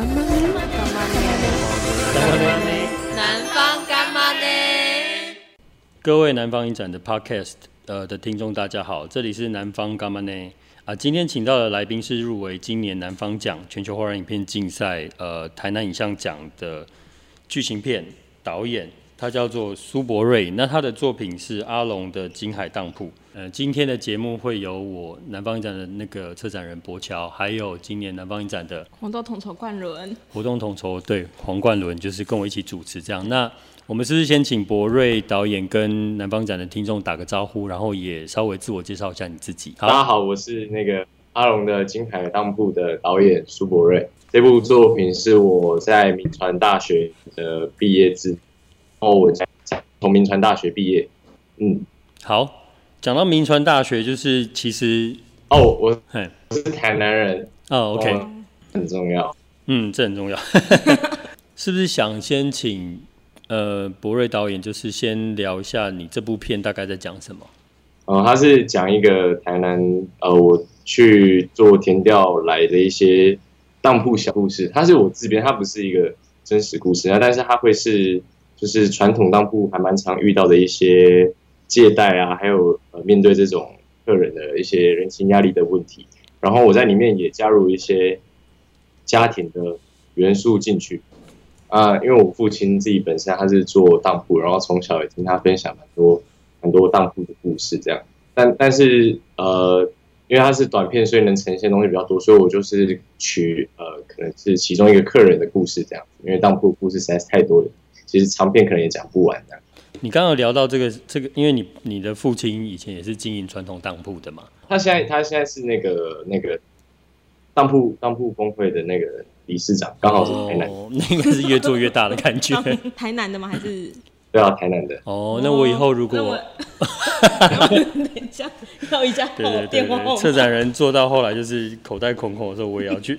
南方甘啊捏？南方甘啊捏。各位南方影展的 Podcast 呃的聽眾，大家好，這裡是南方甘啊捏啊。今天請到的來賓是入圍今年南方獎全球華人影片競賽呃台南影像獎的劇情片導演，他叫做蘇柏睿。那他的作品是《阿龍的金海當鋪》。嗯、呃，今天的節目會有我南方影展的那個策展人柏喬，還有今年南方影展的活動統籌冠倫。活動統籌，對，黃冠倫，就是跟我一起主持這樣。那我們是不是先請柏睿導演跟南方展的聽眾打個招呼，然後也稍微自我介紹一下你自己？好。大家好，我是那個阿龍的金海當舖的導演蘇柏睿。這部作品是我在銘傳大學的畢業制，哦，我在從銘傳大學畢業。嗯，好。講到銘傳大學，就是其實哦、oh,，我是台南人、oh, okay. 哦 OK，很重要，嗯，這很重要。 是不是想先請呃柏睿導演，就是先聊一下你這部片大概在講什麼？哦、呃，他是講一個台南呃，我去做田調來的一些當鋪小故事。他是我自編，他不是一個真實故事、啊、但是他會是就是傳統當鋪還蠻常遇到的一些。借貸啊，還有呃，面對這種客人的一些人情壓力的問題，然後我在裡面也加入一些家庭的元素進去啊，因為我父親自己本身他是做當鋪，然後從小也聽他分享很多很多當鋪的故事這樣，但但是呃，因為它是短片，所以能呈現的東西比較多，所以我就是取呃，可能是其中一個客人的故事這樣，因為當鋪的故事實在是太多了，其實長片可能也講不完的。你剛剛聊到這個這個，因為你你的父親以前也是經營傳統當鋪的嘛？他現在他現在是那個那個當鋪當鋪工會的那個理事長，剛好是台南，哦，那應該是越做越大的感覺。 台南的嗎？還是？對啊，台南的。哦，那我以後如果等一下 等一下，對對對對，策展人做到後來就是口袋空空的時候，我也要去，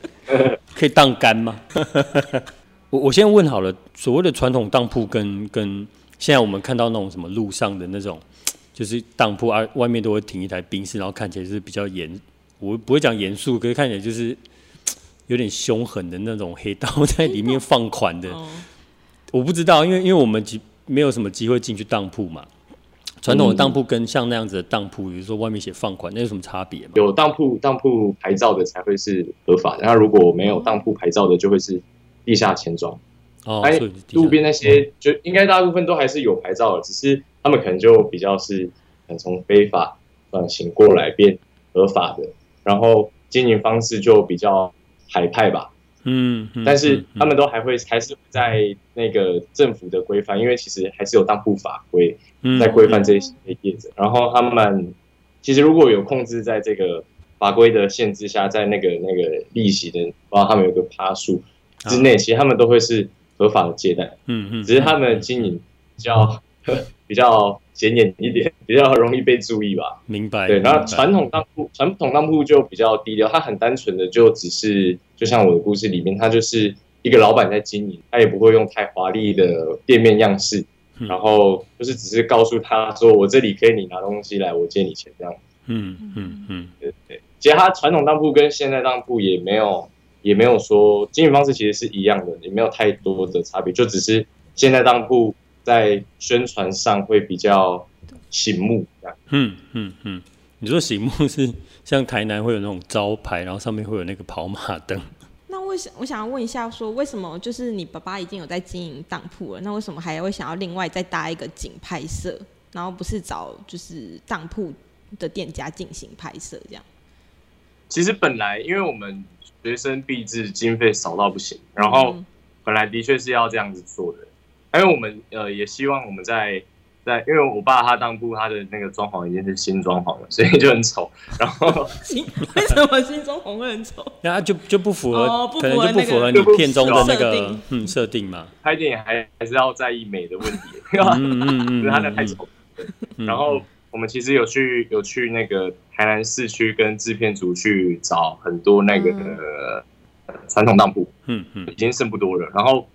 可以當幹嗎？ 我我先問好了，所謂的傳統當鋪跟跟。跟現在我們看到那種什麼路上的那種，就是當鋪啊，外面都會停一台賓士，然後看起來是比較嚴，我不會講嚴肅，可是看起來就是有點凶狠的那種黑道在裡面放款的。哦、我不知道，因為因為我們沒有什麼機會進去當鋪嘛。傳統的當鋪跟像那樣子的當鋪，比如、嗯、說外面寫放款，那有什麼差別嗎？有當鋪，當鋪牌照的才會是合法的，那如果沒有當鋪牌照的，就會是地下錢莊。哎，路邊、啊、那些就應該大部分都還是有牌照的，只是他們可能就比較是，從非法轉型過來變合法的，然後經營方式就比較海派吧，嗯，嗯嗯嗯但是他們都還會還是在那個政府的規範，因為其實還是有當舖法規在規範這些業者、嗯嗯、然後他們其實如果有控制在這個法規的限制下，在那個那個利息的，包括他們有個趴數之內，啊、其實他們都會是。合法的借貸，嗯嗯，只是他們經營比較比較顯眼一點，比較容易被注意吧。明白。明白。對，然後傳統當鋪，傳統當鋪就比較低調，他很單純的就只是，就像我的故事裡面，他就是一個老闆在經營，他也不會用太華麗的店面樣式，然後就是只是告訴他說，我這裡可以你拿東西來，我借你錢這樣。嗯嗯嗯，對、嗯、對、嗯、對。其實他傳統當鋪跟現在當鋪也沒有。也沒有說經營方式其實是一樣的，也沒有太多的差別，就只是現在當鋪在宣傳上會比較醒目這樣。嗯嗯嗯，你說醒目是像台南會有那種招牌，然後上面會有那個跑馬燈。那為什我想，我想要問一下說，說為什麼就是你爸爸已經有在經營當鋪了，那為什麼還會想要另外再搭一個景拍攝，然後不是找就是當鋪的店家進行拍攝這樣？其實本來，因為我們學生畢製，經費少到不行，然後本來的確是要這樣子做的，還有、嗯、我們呃也希望我們在在，因為我爸他當舖他的那個裝潢已經是新裝潢了，所以就很醜。然後，為什麼新裝潢會很醜？然後、 啊、就就不符合，哦不符合那個、可能就不符合你片中的那個設定、嗯、定嘛。拍電影還還是要在意美的問題。因 嗯他那太醜。然後。我們其實有去有去那個台南市區，跟製片組去找很多那個傳統當鋪、嗯，嗯嗯，已經剩不多了。然後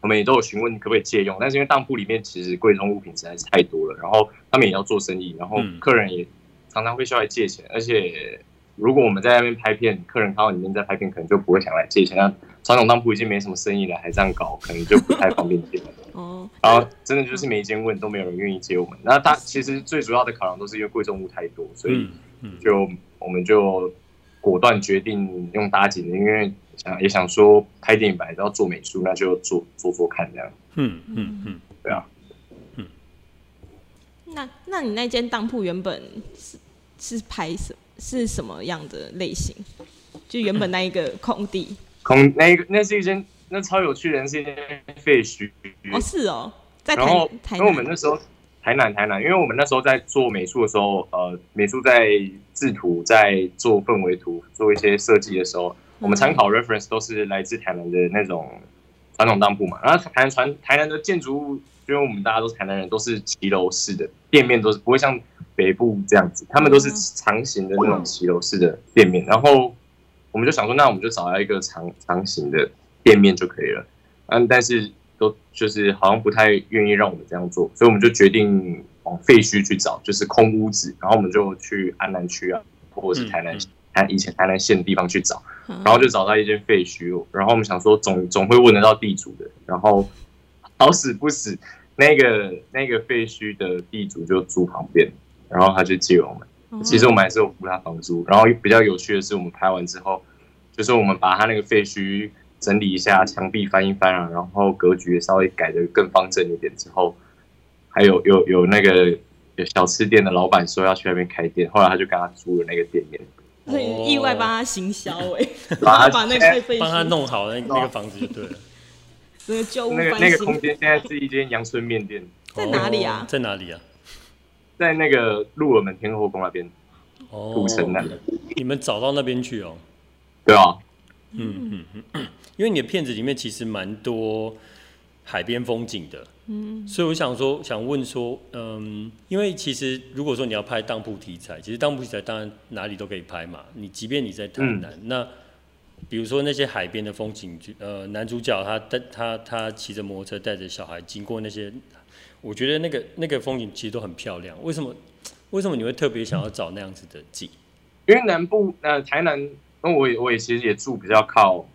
我們也都有詢問可不可以借用，但是因為當鋪裡面其實貴重物品實在是太多了，然後他們也要做生意，然後客人也常常會需要來借錢。嗯、而且如果我們在那邊拍片，客人看到你們在拍片，可能就不會想來借錢。那傳統當鋪已經沒什麼生意了，還這樣搞，可能就不太方便借了 哦，然後、啊啊、真的就是每一間問都沒有人願意接我們。嗯、那它其實最主要的考量都是因為貴重物太多，所以就我們就果斷決定用搭景的，因為想也想說拍電影本來都要做美術，那就做做做看這樣。嗯嗯嗯，對啊。那那你那間當鋪原本是是拍什是什麼樣的類型？就原本那一個空地，嗯嗯嗯嗯嗯、空那個、那是一間。那超有趣，人是廢墟哦，是哦。在然後，台南，因為我們那時候台南，台南，因為我們那時候在做美術的時候，呃，美術在製圖、在做氛圍圖、做一些設計的時候，我們參考 reference 都是來自台南的那種傳統當鋪嘛。嗯。然後台南傳台南的建築物，因為我們大家都是台南人，都是騎樓式的店面，都是不會像北部這樣子，他們都是長形的那種騎樓式的店面。嗯。然後我們就想說，那我們就找到一個長長形的。店面就可以了，嗯，但是都就是好像不太願意讓我們這樣做，所以我們就決定往廢墟去找，就是空屋子，然後我們就去安南區啊，或者是台南、台以前台南縣的地方去找，然後就找到一間廢墟，然後我們想說總總會問得到地主的，然後好死不死，那個那個廢墟的地主就住旁邊，然後他就借我們，其實我們還是有付他房租，然後比較有趣的是，我們拍完之後，就是我們把他那個廢墟。整理一下牆壁，翻一翻啊，然後格局稍微改得更方正一點之後，還有有有那個有小吃店的老闆說要去那邊開店，後來他就跟他租了那個店面，所以意外幫他行銷，哎，幫他把那塊廢墟幫他弄好了那個房子，就對了，那個舊那個那個空間現在是一間陽春麵店，在哪裡啊？在哪裡啊？在那個鹿耳門天後宮那邊，哦，古城那邊，你們找到那邊去哦？對啊，嗯嗯嗯。因為你的片子裡面其實蠻多海邊風景的，嗯，所以我想說，想問說，嗯，因為其實如果說你要拍當鋪題材，其實當鋪題材當然哪裡都可以拍嘛，你即便你在台南，嗯、那比如說那些海邊的風景，呃，男主角他他他騎着摩托車帶着小孩經過那些，我覺得那個那個風景其實都很漂亮，為什麼？為什麼你會特別想要找那樣子的景，嗯？因為南部，呃，台南，那我也我也其實也住比較靠。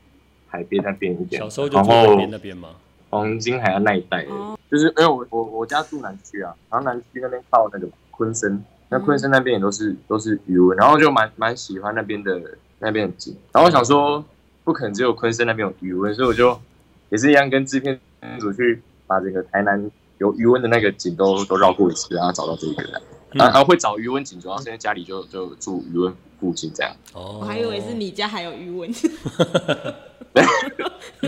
海邊那邊一點，然後小時候就去過那邊嗎？黃金海岸那一帶，就是因為我我我家住南區啊，然後南區那邊靠那個鯤鯓，那鯤鯓那邊也都是、嗯、都是魚塭，然後就蠻蠻喜歡那邊的那邊的景，然後我想說不可能只有鯤鯓那邊有魚塭，所以我就也是一樣跟製片組去把這個台南有魚塭的那個景都都繞過一次，然後找到這個個，嗯、然後會找魚塭景主要，然後現在家裡就就住魚塭附近這樣。我還以為是你家還有魚塭。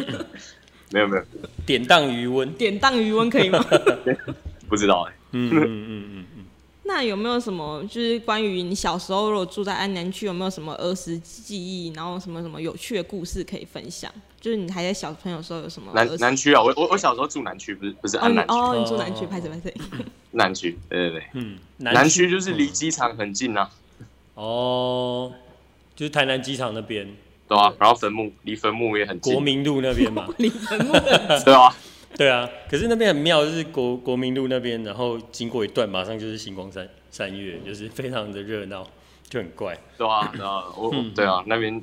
沒有沒有，典當餘溫，典當 餘溫可以嗎？ 不知道哎、欸嗯。嗯嗯嗯嗯嗯。 那有沒有什麼就是關於你小時候如果住在安南區，有沒有什麼兒時記憶，然後什麼什麼有趣的故事可以分享？就是你還在小朋友時候有什麼南？南南區啊，我我小時候住南區，不是不是安南區。哦，哦，你住南區，拍什麼攝南區，對對對，嗯，南區就是離機場很近吶、啊。哦，就是台南機場那邊。啊，對對然後墳墓離墳墓也很近，國民路那邊嘛， 離墳墓。 對啊，對啊，可是那邊很妙，就是國國民路那邊，然後經過一段，馬上就是新光三,三越，就是非常的熱鬧，就很怪。對啊，對啊，我,我對啊，那邊，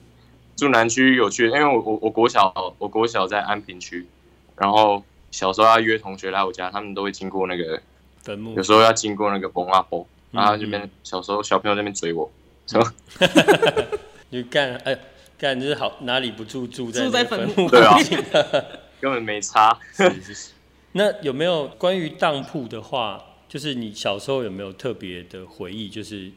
住南區有去，因為我我我國小，我國小在安平區，然後小時候要約同學來我家，他們都會經過那個墳墓，有時候要經過那個崩啊崩。嗯嗯然後那邊小時候小朋友在那邊追我，什麼、嗯？ 你敢，哎、呃。幹就是好，哪裡不住住在墳墓裡？對啊， 根本沒差。 那有沒有關於當鋪的話？就是你小時候有沒有特別的回憶？就是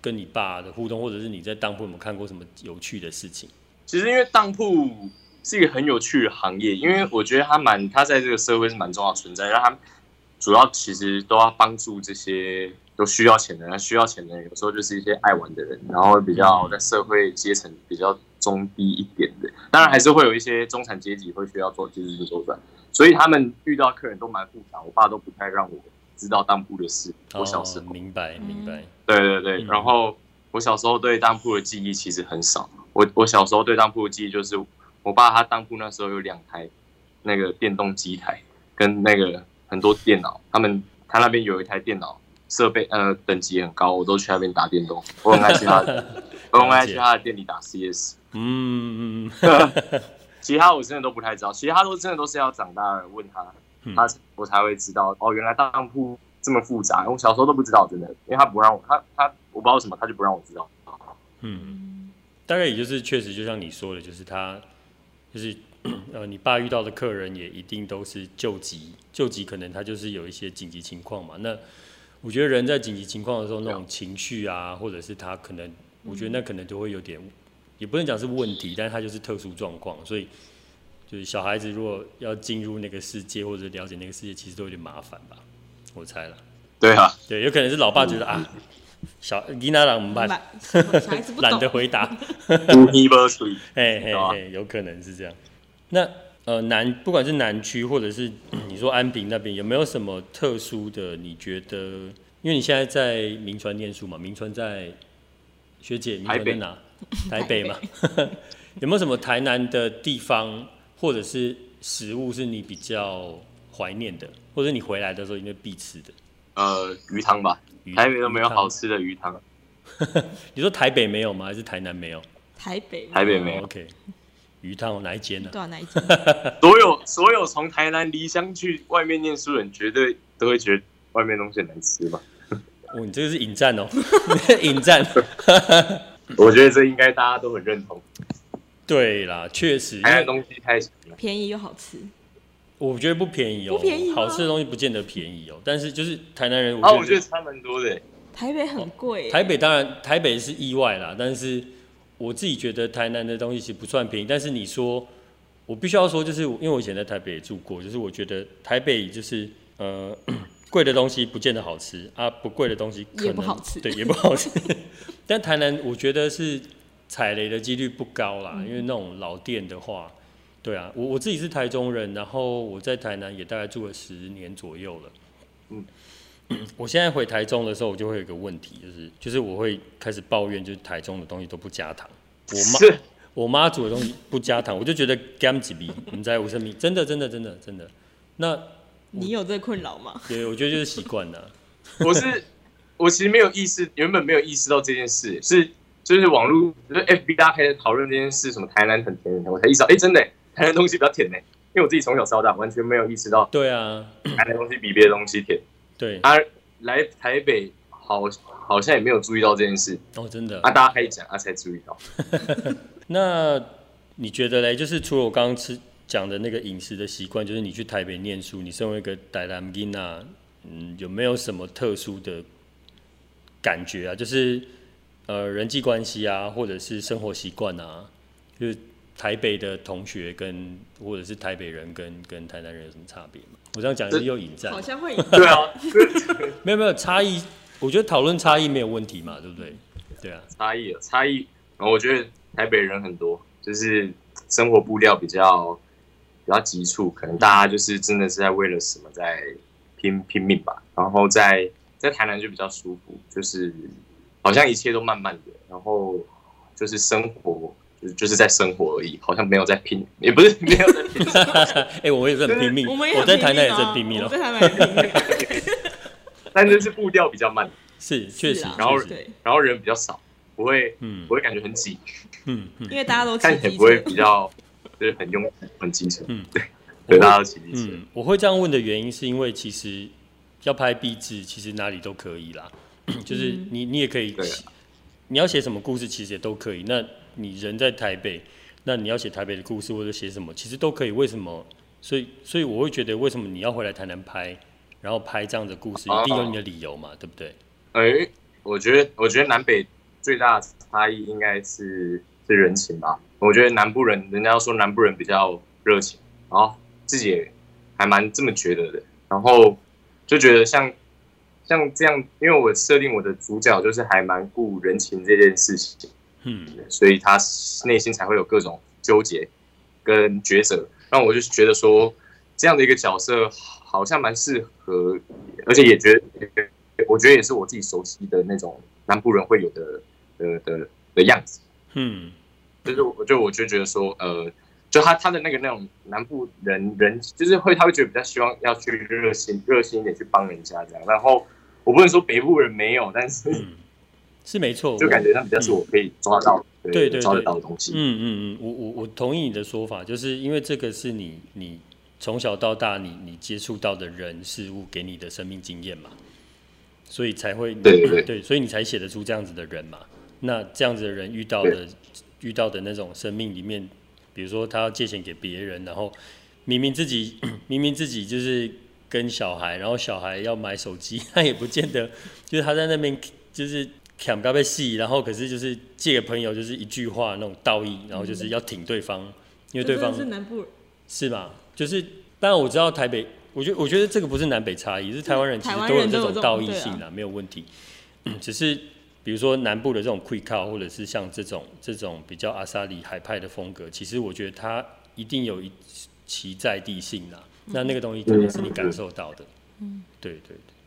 跟你爸的互動，或者是你在當鋪有沒有看過什麼有趣的事情？其實因為當鋪是一個很有趣的行業，因為我覺得他蠻，他在這個社會是蠻重要的存在。讓他主要其實都要幫助這些。都需要錢的人，需要錢的人有時候就是一些愛玩的人，然後比較在社會階層比較中低一點的，當然還是會有一些中產階級會需要做就是周轉，所以他們遇到客人都蠻複雜。我爸都不太讓我知道當鋪的事。我小時候明白、哦、明白，明白，對對對。然後我小時候對當鋪的記憶其實很少。我我小時候對當鋪的記憶就是，我爸他當鋪那時候有兩台那個電動機台，跟那個很多電腦，他們他那邊有一台電腦。設備呃等級很高，我都去那邊打電動，我很愛去他的， 白我很愛去他的店裡打 CS。嗯， 其他我真的都不太知道，其他都真的都是要長大了問他，他我才會知道。嗯、哦，原來當鋪這麼複雜，我小時候都不知道，真的，因為他不讓我，他他我不知道什麼，他就不讓我知道。嗯，大概也就是確實就像你說的，就是他就是 呃，你爸遇到的客人也一定都是救急，救急可能他就是有一些緊急情況嘛，那。我覺得人在緊急情況的時候那種情緒啊，嗯、或者是他可能，我覺得那可能都會有點，也不能講是問題，但是他就是特殊狀況，所以就是小孩子如果要進入那個世界或者了解那個世界，其實都有點麻煩吧，我猜了。對哈、啊，對，有可能是老爸覺得我啊，小伊娜郎我們班，懶 得回答， 嘿嘿嘿，有可能是這樣。那。呃，南不管是南區或者是你說安平那邊有沒有什麼特殊的？你覺得，因為你現在在銘傳唸書嘛，銘傳在學姐，在哪台北哪？台北嘛，北 有沒有什麼台南的地方或者是食物是你比較懷念的，或者你回來的時候應該必吃的？呃，魚湯吧。台北有沒有好吃的魚湯？魚湯魚湯 你說台北沒有嗎？還是台南沒有？台北。嗯、台北沒有。OK。魚湯，我哪一間啊，所有所有從台南離鄉去外面念書的人，絕對都會覺得外面東西很難吃吧？哦，你這個是引戰哦，引 戰。 我覺得這應該大家都很認同。對啦，確實，台南東西太便宜又好吃。我覺得不便宜哦，便宜嗎？好吃的東西不見得便宜哦，但是就是台南人我覺得，啊，我覺得差蠻多的。台北很貴，哦。台北當然，台北是意外啦，但是。我自己覺得台南的東西其實不算便宜，但是你說，我必須要說，就是因為我以前在台北也住過，就是我覺得台北就是呃貴的東西不見得好吃啊，不貴的東西可能也不好吃，對也不好吃。 但台南我覺得是踩雷的幾率不高啦，因為那種老店的話，對啊，我我自己是台中人，然後我在台南也大概住了十年左右了，嗯。嗯、我現在回台中的時候，我就會有一個問題，就是就是我會開始抱怨，就是台中的東西都不加糖。我媽是我媽煮的東西不加糖，我就覺得 g a m z b，你在我的生命，真的真的真的真的。那你有這困擾嗎？對，我覺得就是習慣了。 我是我其實沒有意識，原本沒有意識到這件事，是就是網絡、就是、FB 大家開始討論這件事，什麼台南很甜，甜，我才意識到，哎、欸，真的、欸、台南東西比較甜呢、欸。因為我自己從小吃到大，完全沒有意識到。對啊，台南東西比別的東西甜。對，阿、啊、來台北好，好像也沒有注意到這件事哦，真的。阿、啊、大家還講，他、啊、才注意到。 那你覺得呢，就是除了我剛剛吃講的那個飲食的習慣，就是你去台北念書，你身為一個台南囝仔，嗯，有沒有什麼特殊的感覺啊？就是呃人際關係啊，或者是生活習慣啊，就是。台北的同學跟或者是台北人跟跟台南人有什麼差別嗎？我這樣講是又引戰對，好像會引戰。對啊，對沒有沒有差異，我覺得討論差異沒有問題嘛，對不對？對啊，差異啊差異。然後我覺得台北人很多，就是生活步調比較比較急促，可能大家就是真的是在為了什麼在拼拼命吧。然後在在台南就比較舒服，就是好像一切都慢慢的，然後就是生活。就是在生活而已，好像沒有在拼，也不是沒有在拼。哎，我也是很拼命，我在台南也是很拼命了。但就是步調比較慢，是確實，然後對，然後人比較少，不會，嗯，不會感覺很擠，嗯，因為大家都看起來不會比較就是很擁擠，很精神，嗯，對，對，大家都擠一擠。我會這樣問的原因是因為其實要拍壁紙，其實哪裡都可以啦，就是你你也可以，你要寫什麼故事，其實也都可以。那你人在台北，那你要寫台北的故事或者寫什麼，其實都可以。為什麼？所以，所以我會覺得，為什麼你要回來台南拍，然後拍這樣的故事，一定有你的理由嘛，啊、對不對？誒、呃，我覺得，我覺得南北最大的差異應該是是人情吧。我覺得南部人，人家說南部人比較熱情，然後自己還蠻這麼覺得的。然後就覺得像像這樣，因為我設定我的主角就是還蠻顧人情這件事情。嗯，所以他內心才會有各種糾結跟抉擇，那我就是覺得說，這樣的一個角色好像蠻適合，而且也覺得，我覺得也是我自己熟悉的那種南部人會有的，呃、的的、的樣子。嗯，就是我，就我就覺得說，呃，就他他的那個那種南部人人，就是會他會覺得比較希望要去熱心熱心一點去幫人家這樣，然後我不能說北部人沒有，但是，嗯。是沒錯，就感覺他比較是我可以抓到、對、嗯、抓得到的東西。對對對，嗯嗯嗯，我我我同意你的說法，就是因為這個是你你從小到大你你接觸到的人事物給你的生命經驗嘛，所以才會對對對、嗯、對，所以你才寫得出這樣子的人嘛。那這樣子的人遇到的對，遇到的那種生命裡面，比如說他要借錢給別人，然後明明自己明明自己就是跟小孩，然後小孩要買手機，他也不見得就是他在那邊就是。卡姆嘉貝西，然後可是就是借給朋友，就是一句話那種道義，然後就是要挺對方，嗯、對，因為對方是南部人是嗎？是就是當然我知道台北，我覺我覺得這個不是南北差異，是台灣人其實都有這種道義性啦，沒有問題。嗯，只是比如說南部的這種 quick c o c 或者是像這種這種比較阿薩里海派的風格，其實我覺得它一定有一其在地性啦。那那個東西肯定是你感受到的，嗯，對對對。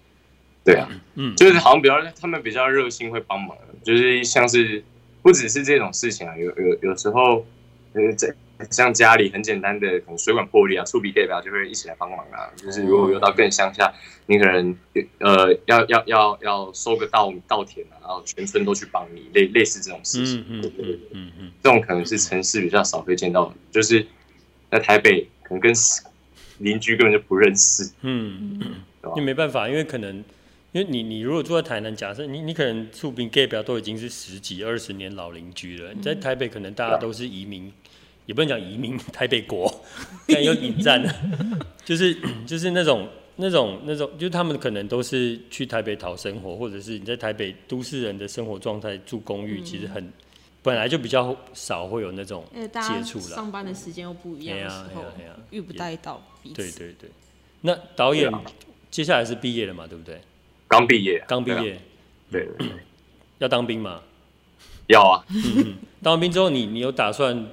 對啊，嗯，就是好像比較他們比較熱心會幫忙，就是像是不只是這種事情啊，有有有時候呃，這、嗯、像家裡很簡單的可能水管破裂啊、觸筆蓋啊，就會一起來幫忙啊。就是如果用到更鄉下，你可能呃要要要要收個稻稻田啊，然後全村都去幫你，類類似這種事情，嗯嗯嗯嗯，嗯嗯嗯這種可能是城市比較少會見到的，就是在台北可能跟鄰居根本就不認識，嗯，嗯。嗯吧。就沒辦法，因為可能。因為你，你如果住在台南，假設你你可能厝邊隔壁都已經是十幾二十年老鄰居了。你、嗯、在台北可能大家都是移民，也不能講移民台北國，但又引戰了， 就是就是那種那種那種，就是他們可能都是去台北討生活，或者是你在台北都市人的生活狀態，住公寓，嗯、其實很本來就比較少會有那種接觸了，大家上班的時間又不一樣，遇不待到彼此。對對對，那導演、啊、接下來是畢業了嘛？對不對？剛畢業、啊、業，剛畢業，對、啊，要當兵嘛？要啊、嗯。當完兵之後你，你你有打算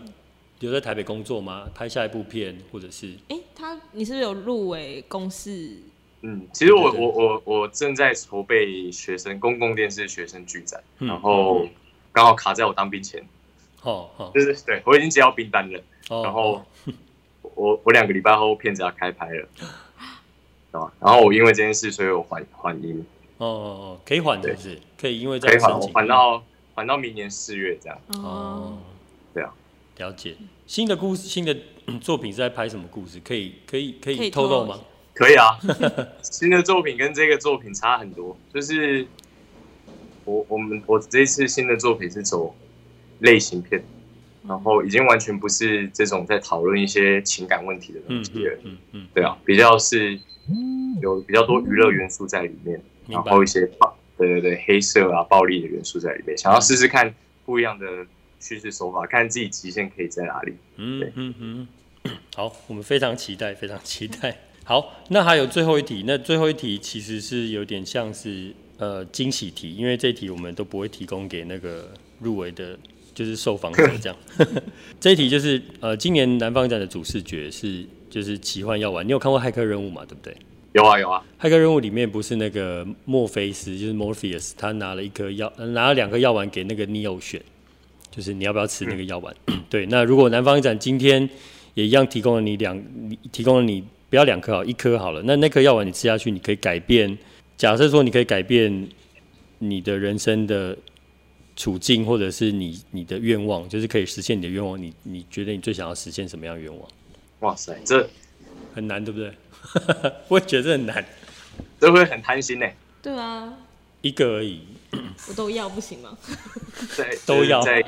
留在台北工作嗎？拍下一部片，或者是？哎、欸，他，你是不是有入圍公視？嗯，其實我我我我正在籌備學生公共電視學生劇展，然後剛好卡在我當兵前。哦，就、哦、是對，我已經接到兵單了。哦、然後我我兩個禮拜後片子要開拍了。啊、然後我因為這件事，所以我緩緩音哦，可以緩的是，是對可以，因為可以緩，緩到緩到明年四月這樣哦。對啊，了解。新的故事，新的、嗯、作品是在拍什麼故事？可以可以可以透露嗎？可以啊。 新的作品跟這個作品差很多，就是我我們我這一次新的作品是走類型片，嗯、然後已經完全不是這種在討論一些情感問題的東西了。嗯嗯，嗯嗯嗯，對啊，比較是。嗯、有比較多娛樂元素在裡面，明白。然後一些暴，對對對，黑色啊，暴力的元素在裡面，想要試試看不一樣的敘事手法，嗯、看自己極限可以在哪裡。嗯嗯嗯，好，我們非常期待，非常期待。好，那還有最後一題，那最後一題其實是有點像是呃驚喜題，因為這一題我們都不會提供給那個入圍的。就是受訪者，這樣， 這一題就是呃，今年南方展的主視覺是就是奇幻藥丸。你有看過《駭客任務》嗎？對不對？有啊有啊，《駭客任務》裡面不是那個墨菲斯，就是莫菲斯他拿了一顆藥，拿了兩顆藥丸給那個尼歐選，就是你要不要吃那個藥丸？ 對，那如果南方展今天也一樣提供了你兩，提供了你不要兩顆啊，一顆好了，那那顆藥丸你吃下去，你可以改變，假設說你可以改變你的人生的處境，或者是你你的願望，就是可以實現你的願望。你你覺得你最想要實現什麼樣的願望？哇塞，這很難，對不對？ 我也覺得很難，這會很貪心呢、欸。對啊，一個而已， 我都要不行嗎？ 再 都要再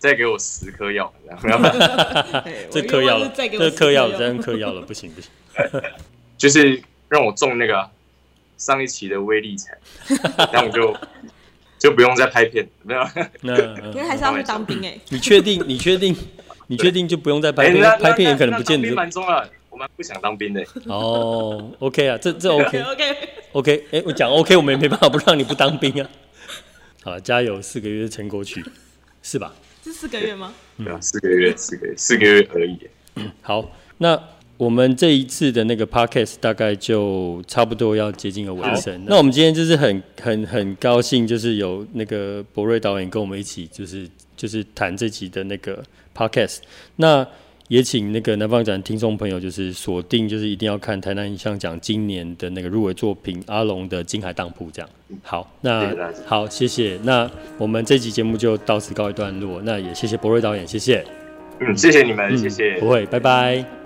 再給我十顆藥，這樣。顆藥、 欸、了，這顆藥了，這顆藥了，不行不行， 就是讓我中那個上一期的威力彩，然後我就。 就不用再拍片？沒有？那因為還是要去當兵，哎、欸。你確定？你確定？你確定就不用再拍片？欸、拍片也可能不見得。兵蠻重的，我們不想當兵的、欸。哦、oh,，OK 啊，這這 OK，OK，OK。哎，我講 OK，我們也沒辦法不讓你不當兵啊。好，加油，四個月撐過去，是吧？是四個月嗎？對有、嗯，四個月，四個月，四個月而已、嗯。好，那。我們這一次的那個 podcast 大概就差不多要接近個尾聲。好那我們今天就是很很很高興，就是有那個柏睿導演跟我們一起，就是就是談這集的那個 podcast。那也請那個南方影展聽眾朋友，就是鎖定，就是一定要看台南影像獎今年的那個入圍作品《阿龍的金海當鋪》這樣。好，那,那好，謝謝。那我們這集節目就到此告一段落。那也謝謝柏睿導演，謝謝。嗯，謝謝你們，謝謝。嗯、不會，拜拜。嗯